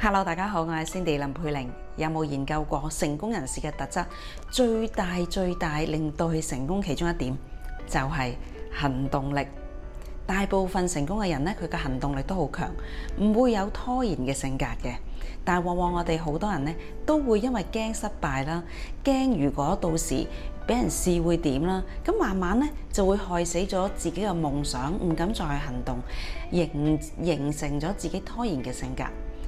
Hello，大家好，我係 Cindy 林佩玲。有冇研究過成功人士嘅特質？最大最大令到佢成功其中一點就係行動力。大部分成功嘅人咧，佢嘅行動力都好強，唔會有拖延嘅性格嘅。但係往往我哋好多人咧都會因為驚失敗啦，驚如果到時俾人試會點啦，咁慢慢咧就會害死咗自己嘅夢想，唔敢再去行動，形形成咗自己拖延嘅性格。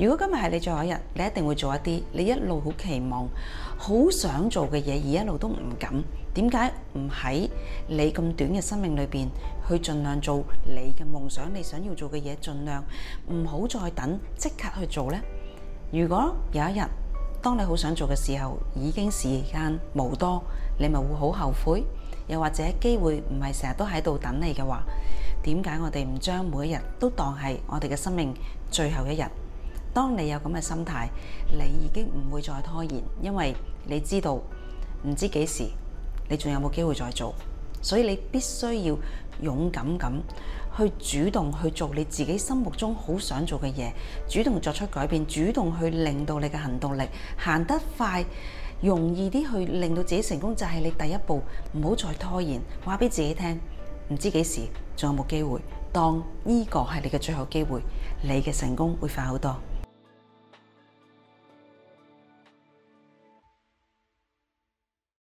如果今日係你最後一日，你一定會做一啲你一路好期望、好想做嘅嘢，而一路都唔敢。點解唔喺你咁短嘅生命裏邊去盡量做你嘅夢想、你想要做嘅嘢？盡量唔好再等，即刻去做呢？如果有一日當你好想做嘅時候，已經時間無多，你咪會好後悔。又或者機會唔係成日都喺度等你嘅話，點解我哋唔將每一日都當係我哋嘅生命最後一日？當你有咁嘅心態，你已經唔會再拖延，因為你知道唔知幾時你仲有冇機會再做，所以你必須要勇敢咁去主動去做你自己心目中好想做嘅嘢，主動作出改變，主動去令到你嘅行動力行得快，容易啲去令到自己成功，就係你第一步。唔好再拖延，話俾自己聽，唔知幾時仲有冇機會，當呢個係你嘅最後機會，你嘅成功會快好多。